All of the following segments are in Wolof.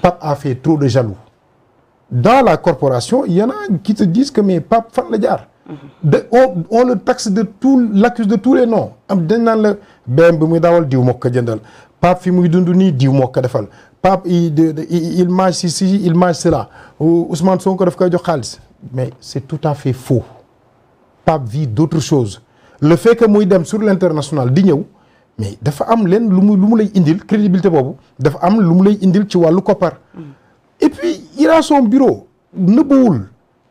Pape a fait trop de jaloux dans la corporation il kii en te disent que mais Pape fan la jaar. Mm-hmm. de on le taxe de tout l'accuse de tous les non am dañ naan la bi muy dawal diw moo ko jëndal Pape fi muy dund nii diw moo ko defal Pape il il mange ci ci il mange cela Ousmane Sonko daf koy jox xaalis mais c'est tout à fait faux Pape vit d'autres chose le fait que muy dem sur l'international di ñëw. mais dafa am leen lu mu lu mu lay indil crédibilité boobu dafa am lu mu lay indil ci wàllu koppar. Mm. et puis il a son bureau. nëbbuwul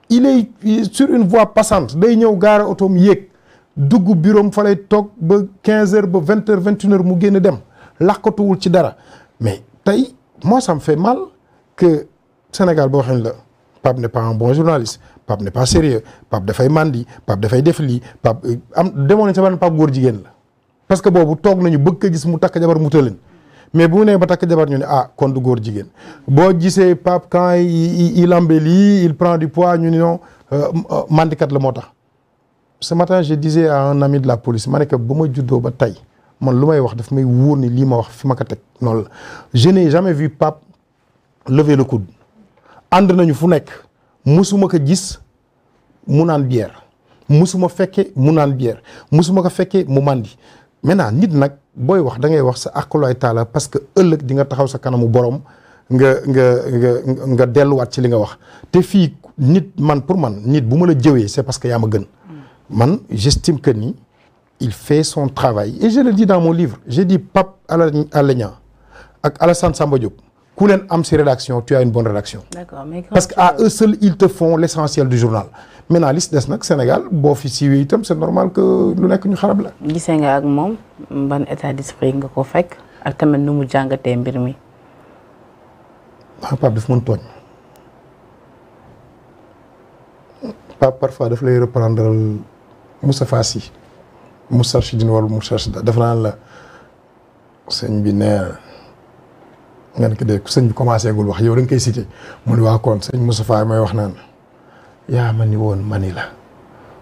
il est sur une voie passante day ñëw gaara otoom yéeg dugg bureau fa lay toog ba 15 heures ba 20 heures 21 heures mu génn dem làqatuwul ci dara mais tey moi ça me fait mal que Sénégal boo xam la Pape ne pas un bon journaliste Pape n'est pas sérieux Pape dafay màndi Pape dafay def lii Pape euh, am demoon nañ sa benn Pape góor jigéen la. parce que boobu toog nañu bëgg ko gis mu takk jabar mu tëleen mais bu mu nee ba takk jabar ñu ne ah kon du góor jigéen boo gisee Pape yi il lii il prend du poids ñu ne euh, euh, la moo tax ce matin je disais la police ma ne ko ba ma juddoo ba tey man lu may wax daf may wóor ni lii ma wax fi ma ko teg noonu la je n'ai jamais vu Pape lever le coude ànd nañu fu nekk musuma ko gis mu naan bière musuma fekke mu naan bière musuma ko fekke mu màndi maintenant nit nag booy wax da ngay wax sa akulaay taala parce que ëllëg di nga taxaw sa kanamu borom nga nga nga nga delluwaat ci li nga wax te fii nit man pour man nit bu ma la jëwee c'est parce que yaa ma gën man j'estime que ni il fait son travail et je le dis dans mon livre j'ai dit Pape Alé Niang ak Alassane Samba Diop ku leen am si rédaction tu as une bonne rédaction. d'accord mais parce que à eux seuls ils te font l'essentiel du journal maintenant li des nag Sénégal boo fi siiwee itam c'est normal que lu nekk ñu xarab la. gisee nga ak moom ban état d'esprit nga ko fekk ak tamit nu mu jàngatee mbir mi. Ah, Pape daf mën tooñ. Pape parfois daf lay reprendre Moussa Fassi Moustarchidine wala Moustarchida dafa naan la sëñ bi nee nga ne ko dee sëñ bi commencé gul wax yow da nga koy cité mu ne waa kon sëñ Moustapha may wax naan yaa ma ni woon mani la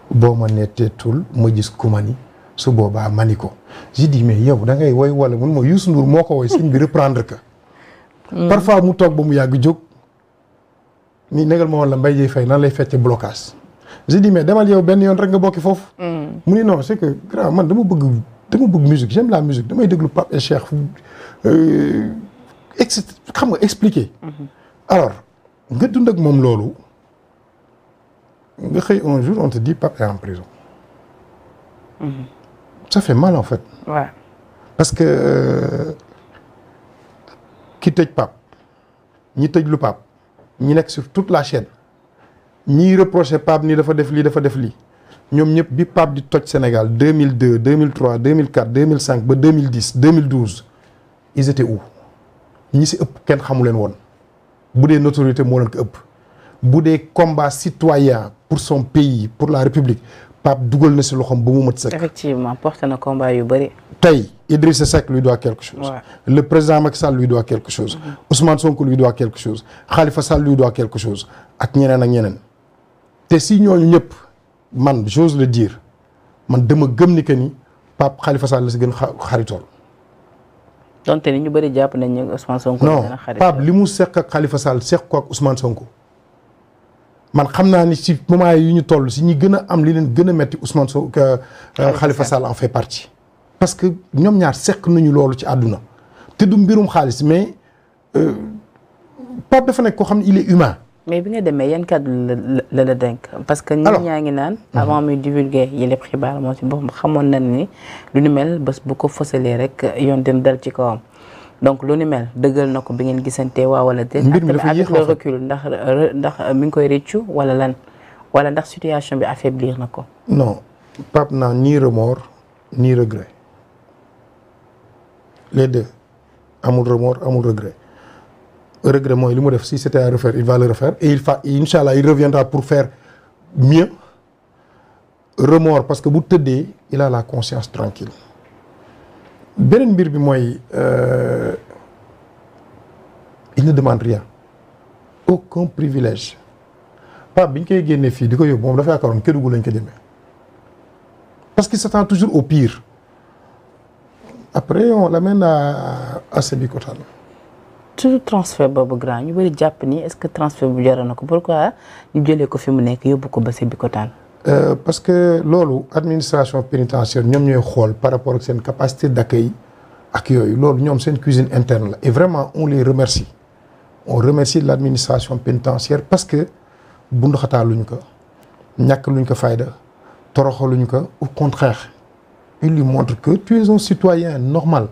boo ma netteetul ma gis ku ni su boobaa ma ni ko j'ai dit mais yow da woy wala mun ma Youssou Ndour moo ko woy sëñ bi reprendre ka que mm. parfois mu toog ba mu yàgg jóg ni negal ma woon mbay Mbaye Dieye Faye nan lay fecce blocage j'ai dit mais demal yow benn yoon rek nga bokki foofu mm. mu ni non c'est que grand man dama bëgg dama bëgg musique la musique damay déglu Pape et euh, ex xam nga expliquer. Mm-hmm. alors nga ak moom loolu nga xëy un jour on te dit Pape est en prison. Mm-hmm. ça fait mal en fait. parce que euh, ki tëj pap ñi tëj lu Pape ñi nekk sur toute la chaîne ñiy reproché Pape ni dafa def lii dafa def lii ñoom ñëpp bi Pape di toj Sénégal 2002 2003 2004 2005 ba 2010 2012 ils étaient où. ñi si ëpp kenn xamu leen woon bu dee notoriété moo leen ko ëpp bu dee combat citoyen pour son pays pour la république Pape dugal na si loxoom ba mu mat sëkk. effectivement porté na combat yu bëri. tey Idrissa Seck lui doit quelque chose. le président Macky Sall lui doit quelque chose. Mmh. Ousmane Sonko lui doit quelque chose. Khalifa Sall lui doit quelque chose ak ñeneen ak ñeneen. te si ñooñu ñëpp man j'ose le dire man dama gëm ni que ni Pape Khalifa Sall la si gën xaritool donte ni ñu bëri jàpp nañ ñu Ousmane Sonko. non li mu seq ak Khalifa Sall seq ko ak Ousmane Sonko. man xam naa ni si moment yi ñu toll si ñi gën a am li leen gën a metti Ousmane Sonko xalifa euh, Sall en fait partie. parce que ñoom ñaar seq nañu loolu ci àdduna te du mbirum xaalis mais euh, Pape dafa nekk koo xam ne il est humain. mais bi nga demee yan kàddu la la dénk parce que nit ñaa ngi naan mhm. avant muy divulguer yi lépp xibaar moom si boppam xamoon na ni lu ni mel bés bu ko fësalee rek yoon dina dal ci kawam donc lu ni mel dëggal na ko bi ngeen gisantee waa wala déet avec le recul ndax ndax mi ngi koy réccu wala lan wala ndax situation bi affaiblir na ko non Pape naa ni remords ni regret les deux amul remords amul regret regret mooy li mu def si c'était à refaire il va le refaire et il fa incha il reviendra pour faire mieux remords parce que bu tëddee il a la conscience tranquille beneen mbir bi mooy euh, il ne demande rien aucun privilège bi ñu koy génnee fii di ko yóbbu moom dafa yaakaaroon Kédougou lañ ko jëmee parce qu'il s'attend toujours au pire après on l'amène à à Sébikotane toujours transfert boobu grand ñu bëri jàpp ni est-ce que transfert bu jaroon na ko pourquoi ñu jëlee ko fi mu nekk yóbbu ko ba ko Bikotaan. Euh, parce que loolu administration pénitentiaire ñoom ñooy xool par rapport ak seen capacité d'accueil ak yooyu loolu ñoom seen cuisine interne la et vraiment on les remercie on remercie l'administration pénitentiaire parce que bunduxataaluñ ko ñàkk luñ ko fayda toroxaluñ ko au contraire il lui montre que tu es un citoyen normal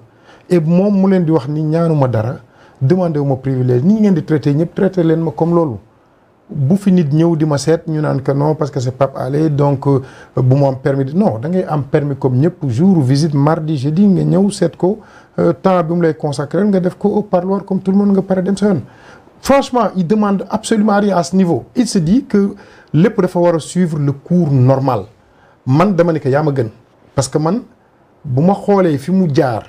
moom mu leen di wax ni ñaanuma dara. demandé wu ma privilège ni ñu ngeen di traité ñëpp traité ma comme loolu bu fi nit ñëw di ma seet ñu naan que non parce que c'est Pape Alé donc euh, bu mu am permis non da ngay am permis comme ñëpp jour visite mardi jeudi nga ñëw seet ko euh, temps bi mu lay consacrer nga def ko au parloir comme tout le monde nga pare dem sa yoon franchement il demande absolument rien à ce niveau il se dit que lépp dafa war a suivre le cours normal man dama ne que yaa ma gën parce que man bu ma xoolee fi mu jaar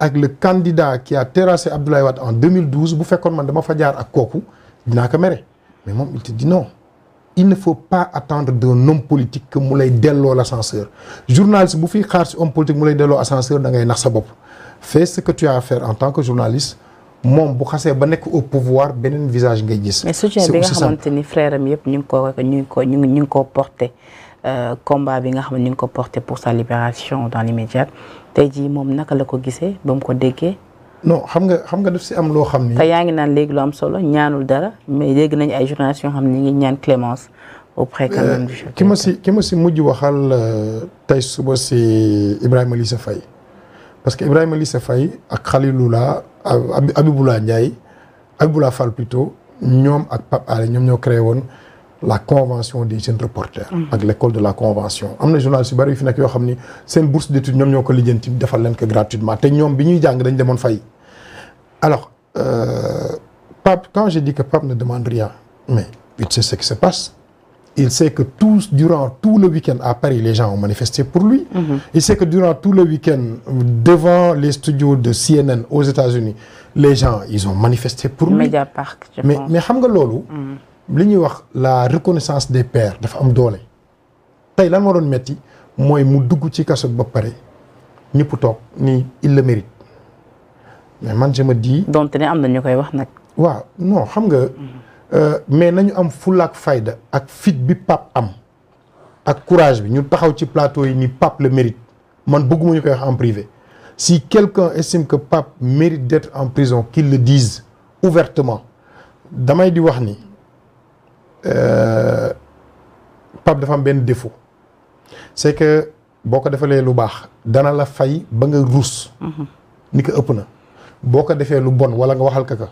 ak le candidat qui a terrassé Abdoulaye Wade en 2012 bu fekkoon man dama fa ak kooku dinaa ko mere mais moom il te dit non il ne faut pas attendre d'un homme politique mu lay delloo l'ascenseur journaliste bu fi xaar si homme politique mu lay delloo ascenseur da ngay nax sa bopp fais ce que tu as à en tant que journaliste moom bu xasee ba nekk au pouvoir beneen visage ngay gis. mais soutien bi nga xamante ni frère am yëpp ñu ngi ko ñu ngi ñu ngi ñu ngi ko euh, combat bi nga xam ne ñu ngi ko porté pour sa libération tey jii moom naka la ko gisee ba mu ko déggee. no xam nga xam nga daf si am loo xam ni. te yaa ngi naan léegi lu am solo ñaanul dara mais dégg nañu ay journalistes yoo xam ne ñu ngi ñaan clémence auprès quand ki ma si ki ma si mujj waxal euh, tey suba si Ibrahima Lissa Faye parce que Ibrahima sa Faye ak Khaliloula Abiboula Ndiaye Abiboula Fall plutôt ñoom ak Pape Alé ñoom ñoo créé woon. la convention des jeunes reporters. Mm-hmm. ak la convention. am na journaliste yu bari yu xam ni seen bourse d' étude ñoom ñoo ko lijjanti defal leen ko gratuitement te ñoom bi ñuy jàng dañ demoon alors euh, quand je dis que Pape ne demande rien mais il ce qui se passe. il sait que tous durant tout le week-end à Paris les gens ont manifesté pour lui. Mm-hmm. il sait que durant tout le week devant les studios de CNN aux États-Unis les gens ont manifesté pour lui. mais mais xam nga loolu. Mm-hmm. li ñuy wax la reconnaissance des pères dafa am doole tey lan moo doon metti mooy mu dugg ci kaso ba pare ñëpp toog ni il le mérite mais man je me dis. donte ne am na ñu koy wax nag. waaw non xam nga. Euh, mais nañu am fulaak fayda ak fit bi pap am ak courage bi ñu taxaw ci plateau yi ni pap le mérite man bëgguma ñu koy wax en privé si quelqu'un estime que pap mérite d'être en prison qu'il le dise ouvertement damay di wax ni. Euh, Pape dafa am benn défaut c'est que boo ko defalee lu baax dana la fay ba nga ruus. Mhm. ni ko ëpp na boo ko defee lu bon wala nga waxal ka ka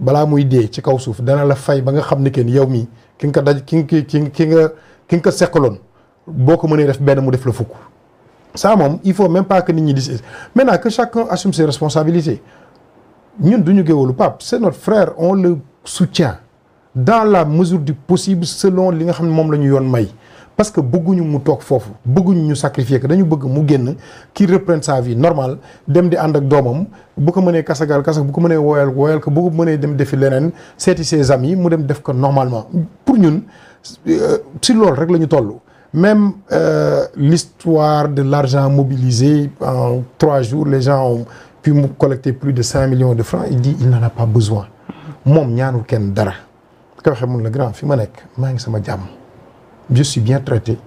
balaa muy dee ci kaw suuf dana la fay ba nga xam ni que yow mii ki nga ko daj ki nga ki nga ki nga ko seqaloon boo ko mënee def benn mu def la fukk. ça moom il faut même pas que nit ñi di maintenant que chacun assume ses responsabilités ñun du ñu géwalu Pape c'est notre frère on le soutient. dans la mesure du possible selon li nga xam ne moom la ñu yoon may parce que bëgguñu mu toog foofu bëgguñu ñu sacrifier que dañu bëgg mu génn ki reprendre sa vie normal dem di ànd ak doomam bu ko mënee kasagal kasag bu ko mënee wooyal wooyal ko bu ko mënee dem defi leneen seeti ses amis mu dem def ko normalement pour ñun si euh, loolu rek la ñu toll même euh, l'histoire de l'argent mobilisé en trois jours les gens ont mu collecter plus de cinq millions de francs il dit il moom ñaanul kenn dara ko waxee mun la grand fi ma nekk maa ngi sama jàmm je suis bien traité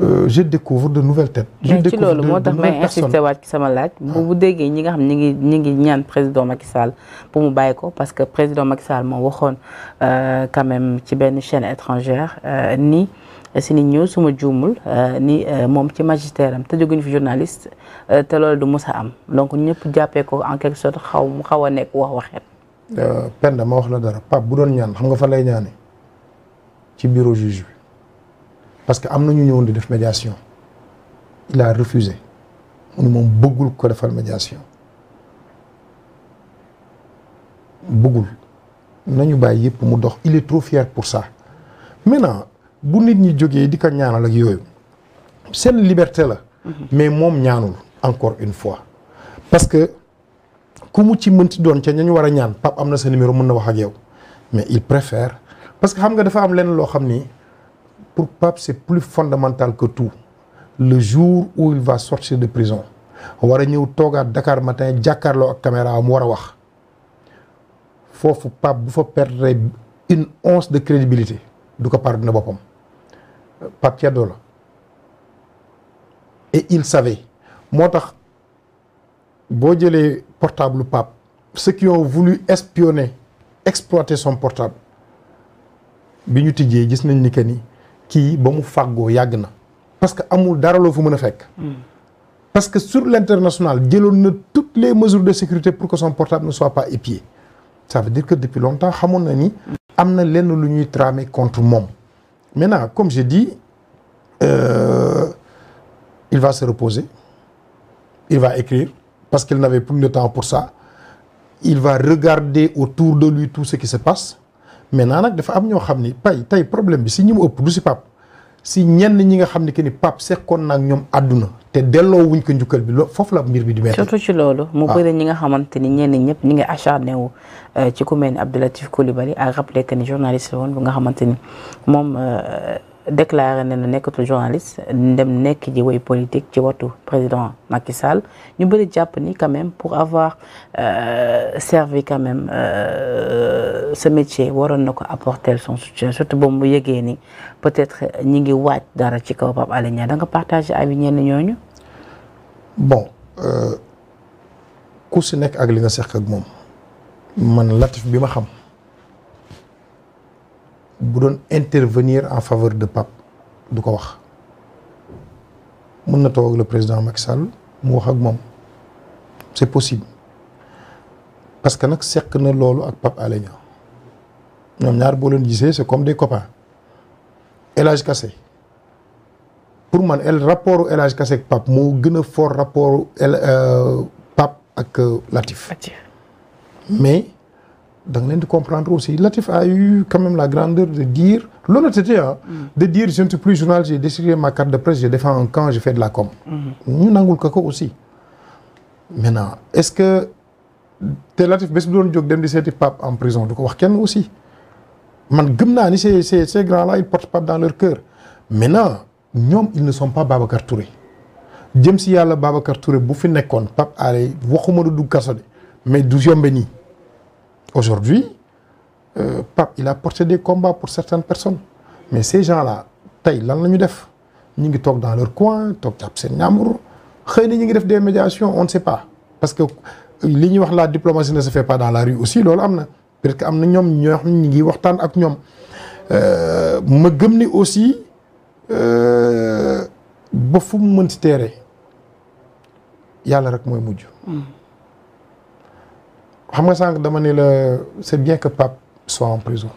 euh, je découvre de nouvelles têtes. je découvre de nouvelles personnes mais ci loolu moo tax may insisté waat ci sama laaj. bu bu déggee ñi nga xam ñi ngi ñi ngi ñaan président Macky Sall pour mu bàyyi ko parce que président Macky Sall moo waxoon euh, quand même ci benn chaîne étrangère euh, ni si nit ñëw suma juumul ni moom ci magistère am te jóguñu fi journaliste te loolu du mës a am donc ñëpp jàppee ko en quelque sorte xaw mu xaw a nekk wax waxeet. Euh, Penda ma wax la dara part bu doon ñaan xam nga fan lay ñaane ci bureau juge bi parce que am na ñu ñëw di def médiation il a refusé mu ne moom bëggul ko defal médiation bëggul nañu bàyyi yëpp mu dox il est trop fier pour ça maintenant bu nit ñi jógee di ko ñaanal ak yooyu seen liberté la. Mm-hmm. mais moom ñaanul encore une fois parce que. ku mu ci mënti doon ca ñañu war a ñaan Pape am na sa numéro mën na wax ak yow mais il préfère parce que xam nga dafa am leen loo xam ni pour Pape c'est plus fondamental que tout le jour où il va sortir de prison war a ñëw toogaat dakaar matin jàkkaarloo ak caméra mu war a wax foofu Pape bu fa perdre une once de crédibilité du ko pardonner boppam Pape Thiadola et il savait moo tax. boo jëlee portable Pape ceux qui ont voulu espionner exploiter son portable bi ñu tijjee gis nañ ni que ni kii ba mu fàggoo yàgg na parce que amul dara loo fu mën a fekk hmm. parce que sur l'international jëloon na toutes les mesures de sécurité pour que son portable ne soit pas épié ça veut dire que depuis longtemps xamoon na ni am na lenn lu ñuy tramer contre moom maintenant comme j'ai dit euh, il va se reposer il va écrire parce qu'il n'avait plus le temps pour ça il va regarder autour de lui tout ce qui se passe maintenant nag dafa am ñoo xam ni pay tey problème bi si ñi mu ëpp du si pap si ñenn ñi nga xam ne que ni pap sekkoon na ak ñoom àdduna te delloo wuñ ko njukkal bi lo foofu la mbir bi di metti surtout ci loolu mu ah. bëri ñi nga xamante ni ñenn ñi ngi acharné wu euh, ci ku mel ni Abdoulatif Coulibaly a rappelé que ni journaliste la woon bu nga xamante déclaré ne nekkatul journaliste dem nekk ji way politique ci watu président Macky Sall ñu bëri jàpp ni quand même pour avoir euh, servi quand même euh, ce métier waroon na ko apporter son soutien surtout ba mu yëgee ni peut-être ñi ngi waaj dara ci kaw Pape Alé Niang da nga partagé avis ñenn ñooñu. bon euh, ku si nekk ak li nga seq ak moom man latif bi ma xam. bu doon intervenir en faveur de Pape du ko wax mën na toog le président Macky Sall mu wax ak moom c'est possible parce que nag seq na loolu ak pap Alé ñoom ñaar boo leen gisee c'est comme des copains El Hadj Kassé pour man el rapport El Hadj Kassé ak Pape moo gën a fort rapport El euh, Pape ak euh, Latif mais da nga leen di comprendre aussi Latif a eu quand même la grandeur de dire l'honnêteté ah. de dire je ne suis plus journaliste j'ai déchiré ma carte de presse je défends un camp je fais de la com. Mm-hmm. ñu nangul ko ko aussi. maintenant est-ce que te Latif bés bu doon jóg dem di seeti Pape en prison du ko wax kenn aussi man gëm naa ni ces ces ces grands là ils portent Pape dans leur cœur maintenant ñoom ils ne sont pas Babacar Touré jëm si yàlla Babacar Touré bu fi nekkoon Pape Alé waxuma du dugg kaso de mais du yombe nii. Aujourd'hui, euh, Pape, il a porté des combats pour certaines personnes. Mais ces gens-là, tey lan la ñu def ñu ngi toog dans leur coin toog jàpp seen ñaamur xëy na ñu ngi def des médiation on ne sait pas parce que li ñuy wax la diplomatie ne se fait pas dans la rue aussi loolu am na parce que am na ñoom ñoo xam ñu ngi waxtaan ak ñoom euh, ma gëm ni aussi euh, ba fu mu mën ci teere yàlla rek mooy mujj. Mm. xam nga sànq dama ne la c'est bien que Pape soit en prison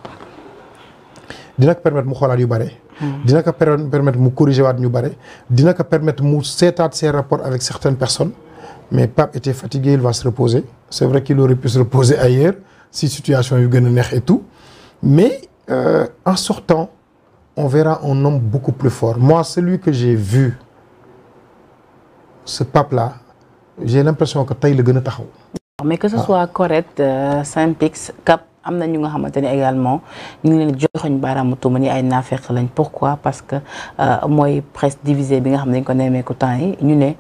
dina ko permettre mu xoolaat yu bare. Hmm. dina ko permettre mu corriger waat ñu bare. dina ko permettre mu seetaat ses rapports avec certaines personnes mais Pape était fatigué il va se reposer c'est vrai qu'il aurait pu se reposer ailleurs si situation yu gën a neex et tout mais euh, en sortant on verra un homme beaucoup plus fort moi celui que j'ai vu ce Pape la j'ai l'impression que tey la gën a taxaw. mais que ce soit Corrède Saint-Pix am na ñu nga xamante ne également ñu ngi leen joxoñ baaraamu tuuma ni ay naafeq lañ pourquoi parce que euh, mooy presque divisée bi nga xam ne dañ ko nemmeeku temps yi ñu ne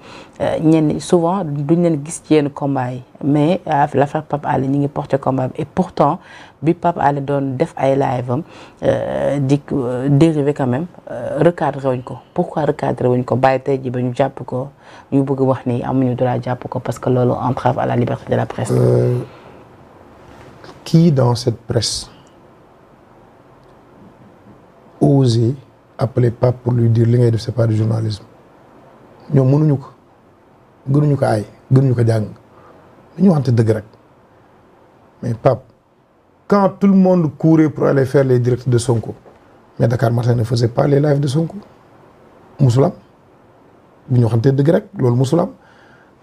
euh, ñenn souvent duñ leen gis ci yenn combat yi mais euh, l'affaire Pape Alé ñi ngi porté combat bi et pourtant bi Pape Alé doon def ay live am di dérivé quand même recadré wuñ ko pourquoi recadré wuñ ko bàyyi tey ji ba ñu jàpp ko ñu bëgg wax ni amuñu droit jàpp ko parce que loolu entrave à la liberté de la presse qui dans cette presse osait appeler pap pour lui dire li ngay def separ pas du journalisme ñoom mënuñu ko gënuñu ko aay gënuñu ko jàng dañu waxante dëgg rek mais Pape quand tout le monde courait pour aller faire les directs de Sonko mais Dakar Matin ne faisait pas les lives de Sonko musulam bu ñu waxante dëgg rek loolu musulam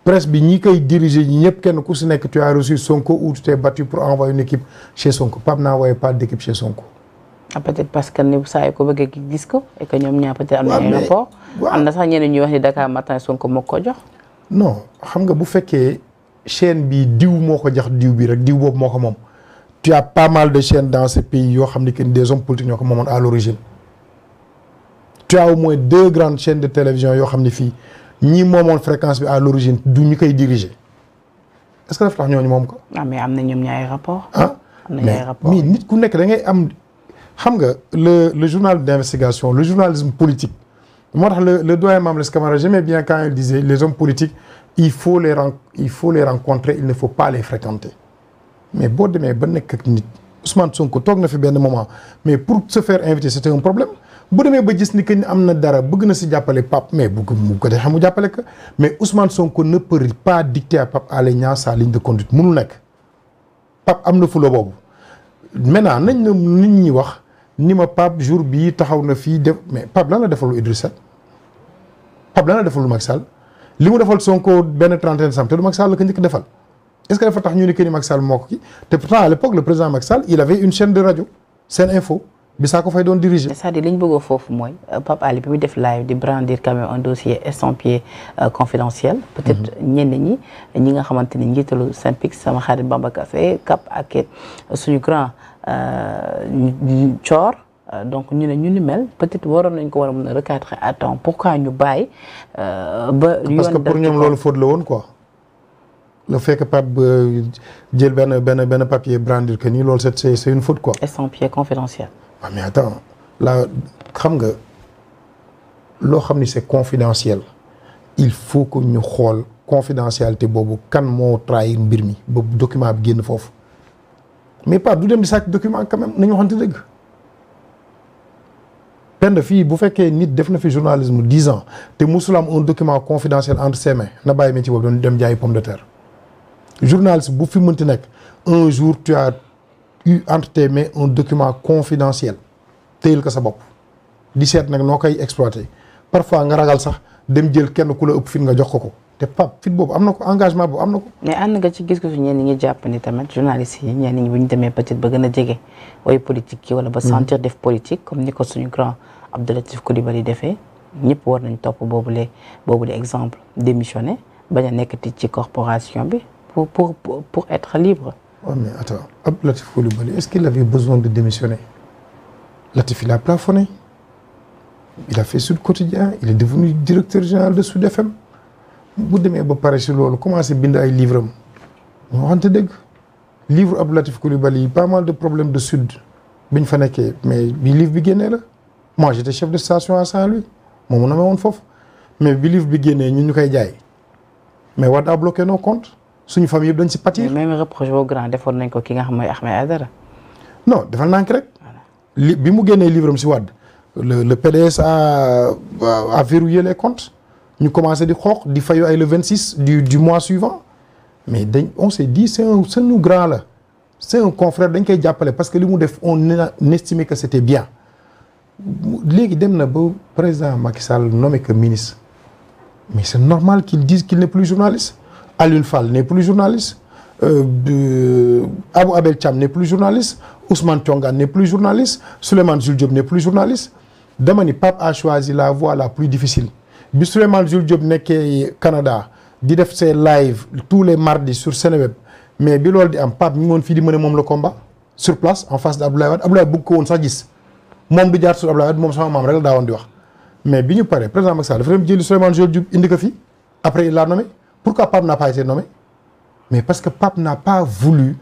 presse bi ñi koy diriger ñi ñëpp kenn ku si nekk tu as reçu Sonko ou tu t'es battu pour envoyer une équipe chez Sonko Pape n'envoyait pas d'équipe chez Sonko. ah peut-être parce que ni saa ko bëggee gis ko et ñoom ñaar peut am na sax ñeneen ñuy wax ni Dakar matin Sonko moo ko jox. non xam nga bu fekkee chaîne bi diw moo ko jox diw bi rek diw boobu moo ko moom tu as pas mal de chaînes dans ce pays yoo xam ne que des hommes politiques ñoo ko moom à l'origine tu as au moins de télévision yoo xam ne fii. ñi moomoon fréquence bi à l'origine du ñu koy diriger est-ce que dafa tax ñooñu moom ko. ah mais am na ñoom ñaari rapport. ah am nañu ay rapport mais nit ku nekk da ngay am xam nga le le journal d'investigation le journalisme politique. moo tax le le doyen Mamadou Camara j'aimais bien quand il disait les hommes politiques il faut les ren il faut les rencontrer il ne faut pas les fréquenter mais boo demee ba nekk nit Ousmane Sonko toog na fi benn moment mais pour se faire inviter c'était bu demee ba gis ni que ni am na dara bëgg na si jàppale Pape mais bu mu ko def xamu jàppale ko mais Ousmane Sonko ne peut pas dicter à Pape Alé Niang sa ligne de conduite mënul nekk Pape am na fula boobu maintenant nañ na nit wax ni ma Pape jour bii taxaw na fii def mais Pape lan la defalu Idrissa Pape lan la defalu Macky Sall li mu defal Sonko benn trentaine sam te du Macky Sall la ko njëkk defal est-ce que dafa tax ñu ne que ni Macky Sall moo ko kii te pourtant à l'époque de radio Sene Info Bissaka Faye doon diriger. c'est-à-dire li foofu mooy euh, Pape Ali bi muy def live di brandir quand même un dossier estampillé euh, confidentiel. Mhm. peut-être ñenn ñi ñi nga xamante ni njiitalu Synpics sama xarit Bamba Kassé Cap ak suñu grand euh, Thior. donc ñu ne ñu ni mel peut-être waroon nañ ko war a mën a recadrer à temps pourquoi ñu bàyyi. ba yoon parce que pour ñoom loolu faute la woon quoi. le fait que Pape jël benn benn benn papier brandir que ni loolu c'est c'est une faute quoi. estampillé confidentiel. waaw ah, mais attends là xam nga loo xam ni c'est confidentiel il faut que ñu xool confidentialité boobu kan moo trahir mbir mi ba document bi génn foofu mais pas du dem di sàcc document quand même nañu waxante dëgg pend fii bu fekkee nit def na fi journalisme dix ans te musul am un document confidentiel entre ses mains na bàyyi métier boobu doon dem jaayi pomme de terre journaliste bu fi mënti nekk un jour tu eu entre tes mains un document confidentiel téyel ko sa bopp di seet nag noo koy exploité parfois nga ragal sax dem jël kenn ku la ëpp fit nga jox ko ko te pap fit boobu am na ko engagement boobu am na ko. mais ànd nga ci gis-gisu ñenn ñi jàpp ni tamit journaliste yi ñenn ñi bu ñu demee peut-être ba gën a jege ooy politique yi wala ba hmm. sentir def politique comme ni ko suñu grand Abdoulatif Coulibaly defee ñëpp war nañ topp boobu boobule exemple démissionné bañ a nekkati ci corporation bi pour pour pour être libre. Ouais, oh, mais attends, Latif Koulibaly, est-ce qu'il avait besoin de démissionner Latif, il a plafonné. Il a fait Sud Quotidien, il est devenu directeur général de Sud FM. bu demee ba pare si loolu commencé bind ay livre am moo waxante dëgg livre Abdou Latif Coulibaly yi pas mal de problème de sud bi ñu fa nekkee mais bi livre bi génnee la moi j'étais chef de station à Saint-Louis moom mu namee woon foofu mais bi livre bi génnee ñun ñu koy jaay mais Wade a bloqué nos comptes suñu famille yëpp dañ si pâtir. mais même reproche boobu ko ki nga xam mooy Ahmed Aïdara. defal nànk rek. li bi mu génnee livre am si Wade le le PDS a a verrouillé les ñu commencé di xoox di fayu ay le 26 du du mois suivant mais dañ on s' est dit grand la c' est un confrère dañ koy jàppale parce que li mu def on estimait que c' était bien léegi dem na ba président Macky Sall nommé que ministre mais c' normal ki dise qu'il n'est plus journaliste. Alioune Fall n'est plus journaliste euh, euh, Abou Abel Thiam n'est plus journaliste Ousmane Thiongane n'est plus journaliste Souleymane Jules Diop n'est plus journaliste dama ni a choisi la voie la plus difficile bi Souleymane Jules Diop nekkee Canada di def ses live tous les mardis sur Seneweb mais bi loolu di am Pape ñu ngoon fii di mën moom la combat sur place en face de Abdoulaye Wade Abdoulaye bëgg ko woon sax gis moom du jaar sur Abdoulaye Wade moom sama maam rek la daa woon di wax mais bi ñu paree président indi ko fii après il l'a Pourquoi Pape n'a pas été nommé Mais parce que Pape n'a pas voulu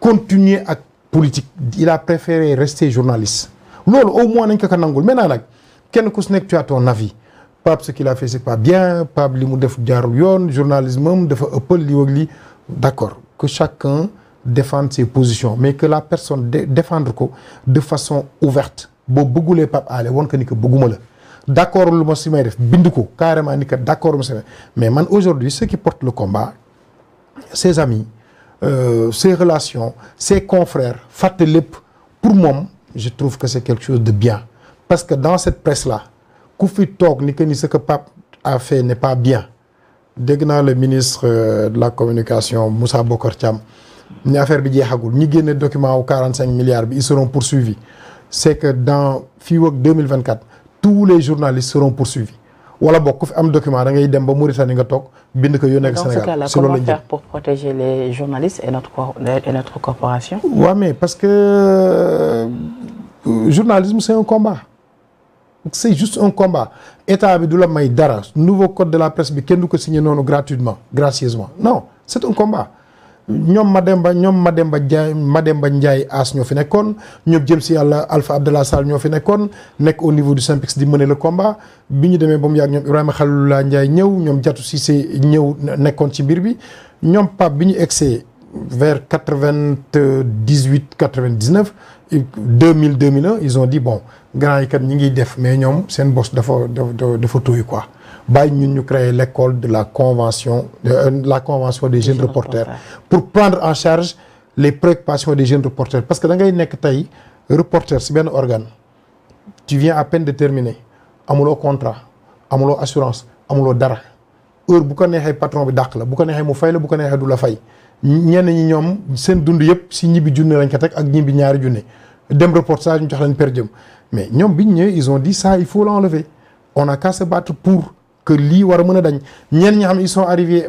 continuer ak politique il a préféré rester journaliste loolu au moins nañ ko ko nangul maintenant nag kenn ku si nekk tu as ton avis Pape ce qu'il a fait c'est pas bien Pape li mu def jaarul yoon journalisme am dafa ëppal li wag li d'accord que chacun défende ses positions mais que la personne défendre ko de façon ouverte boo bëggulee Pape Alé woon que ni bëgguma la d' accord lu ma si may def bind ko carrément ni que d' lu ma si may mais man aujourd'hui ceux qui portent le combat ses amis euh, ses relations ses confrères fàtte lépp pour moom je trouve que c' est quelque chose de bien parce que dans cette presse là ku fi toog ni que ni ce que Pape a fait n'est pas bien dégg naa le ministre euh, de la communication Moussa Bokar Thiam ni affaire bi jeexagul ñi génne document wu 45 milliards bi ils seront poursuivis c' est que dans fii ak 2024 tous les journalistes seront poursuivis wala bokk ku fi am document da ngay dem ba Mauritanie nga toog bind ko yónnee ko Sénégal. si loolu la ñu faire pour protéger les journalistes et notre et corporation. parce que euh, journalisme c'est un combat c'est juste un combat état bi du la may dara nouveau code de la presse bi kenn du ko signé gratuitement gracieusement non c'est un combat. ñoom Mademba ñoom Mademba Ndiaye Mademba Ndiaye As ñoo fi nekkoon ñoom jëm si yàlla Alpha Abdallah Sall ñoo fi nekkoon nekk au niveau du Simpix di mener la combat bi ñu demee ba mu yàgg ñoom Ibrahima laa njaay ñëw ñoom Diatou Cissé ñëw nekkoon ci mbir bi ñoom Pape bi ñu egsee vers quatre vingt dix huit quatre vingt dix neuf deux mille deux mille un ils ont dit bon grand yi kat ñi ngiy def mais ñoom seen bos dafa dafa dafa tooy quoi. bàyyi ñun ñu créer l'école de la convention de euh, la convention des jeunes reporters pour prendre en charge les préoccupations des jeunes reporters parce que da ngay nekk tey reporter si benn organe tu viens à pen de terminer amuloo contrat amuloo assurance amuloo dara heure bu ko neexee patron bi dàq la bu ko neexee mu fay la bu ko neexee du la fay ñenn ñi ñoom seen dund yëpp si ñibbi junne lañ ko teg ak ñibbi ñaari junne dem reportage ñu jox leen per diem mais ñoom biñ ñëwee ils ont dit ça il faut l'enlever que lii war a mën a dañ ñenn ñi xam ne ils sont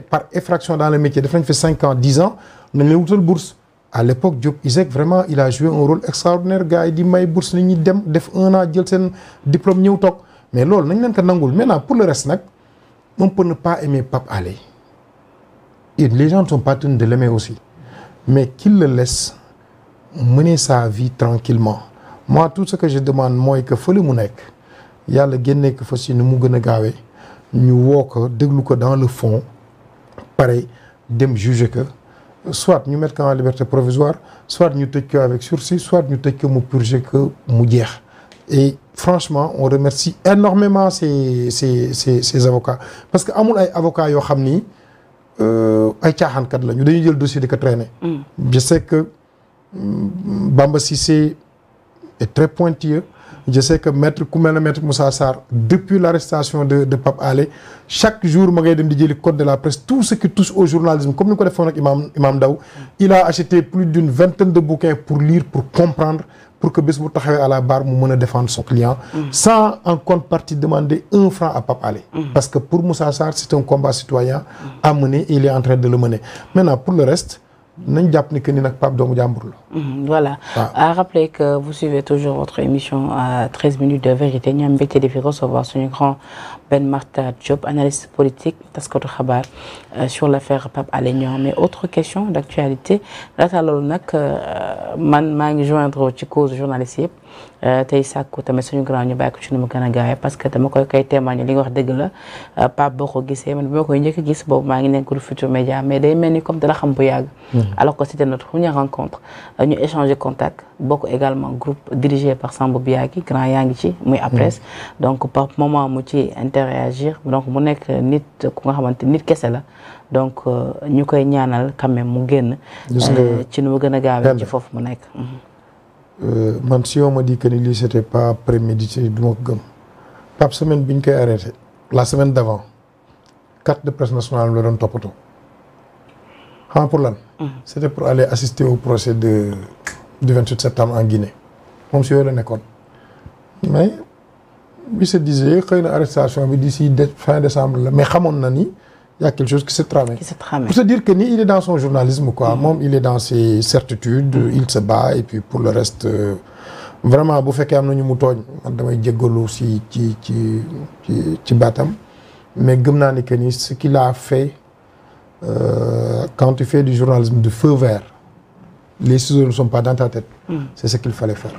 par effraction dans le métier def nañ fi cinq ans dix ans nañ leen wutal bourse à l'époque Diop ISEC vraiment il a joué un rôle extraordinaire gars yi di may bourse nit ñi dem def un an jël seen diplôme ñëw toog mais loolu nañ leen ko nangul maintenant pur le reste nag on peut ne pas aimer Pape Alé et les gens ne sont pas tenus aussi mais qu'il le laisse mener sa vie tranquillement moi tout ce que demande mooy que fële mu nekk yàlla génnee ko fa si nu mu gën a gaawee ñu woo ko déglu ko dans le fond pare dem juger que soit ñu mettre ko en liberté provisoire soit ñu tëj ko avec sursis soit ñu tëj ko mu purger que mu jeex et franchement on remercie énormément ces ces ces ces avocats parce que amul ay avocats yoo xam ni euh, ay caaxaankat la ñu dañuy jël dossier di ko mm. je sais que mm, Bamba Cissé est très pointilleux je sais que maître ku mel ne depuis l' arrestation de de Pape Alé chaque jour ma ngay dem di jëli code de la presse tout ce qui touche au journalisme comme ni ko defoon ak Imam Imam Ndaw il a acheté plus d' une vingtaine de bouquins pour lire pour comprendre pour que bés bu taxawee la barre mu mën défendre son client. Mm. sans en contrepartie demander un franc à Pape Alé. Mm. parce que pour Moussa Sarr c' un combat citoyen à mener et il est en de le mener nañ jàpp ni que ni nag Pape doomu jàmbur mhm, voilà ah. à rappeler que vous suivez toujours votre émission à 13 minutes de vérité ñu am mbégte di fi recevoir suñu grand Ben Makhtar Diop analyste politique taskatu xabaar euh, sur l' affaire Pape Alé Niang mais autre question d' actualité laata loolu nag euh, man maa ngi joindre ci cause journaliste yëpp. Euh, tey sàkku tamit suñu grand ñu bàyyi ko ci nu parce que dama koy koy témoigné li nga wax dëgg la euh, Pape boo ko gisee man bi ma koy njëkk gis boobu maa ngi nekk groupe Futurs Médias mais day mel ni comme dala xam bu yàgg mm-hmm. alors que c'était notre première rencontre euh, ñu échanger contact bokk également groupe dirigé par Samba Biagi grand yaa ngi ci muy après mm-hmm. donc par moment mu mu nekk nit ku nga xamante nit kese la donc ñu koy ñaanal quand mu génn ci nu mu gën a gaawee ci foofu mu nekk mm-hmm. Euh, man si on m'a dit que ni lii c'était pas prémédité du ma gëm Pape semaine bi ñu koy arrêté la semaine d'avant carte de presse nationale la doon toppatoo xam pour lan. Mm-hmm. c'était pour aller assister au procès de du 28 septembre en Guinée moom si yooyu la nekkoon mais bi se disait xëy na arrestation bi d'ici fin décembre la mais xamoon na ni. y a quelque chose qui se tramait. Qui se tramait. Pour dire que ni il est dans son journalisme quoi. Mm-hmm. moom il est dans ses certitudes. Mm-hmm. il se bat et puis pour le reste euh, vraiment bu fekkee am na ñu mu tooñ man damay jéggalu si ci ci ci ci baatam mais gëm naa ni que ni ce qu'il a fait euh, quand du journalisme de feu vert les ciseaux ne sont pas dans ta tête. Mm. c'est ce qu'il fallait faire.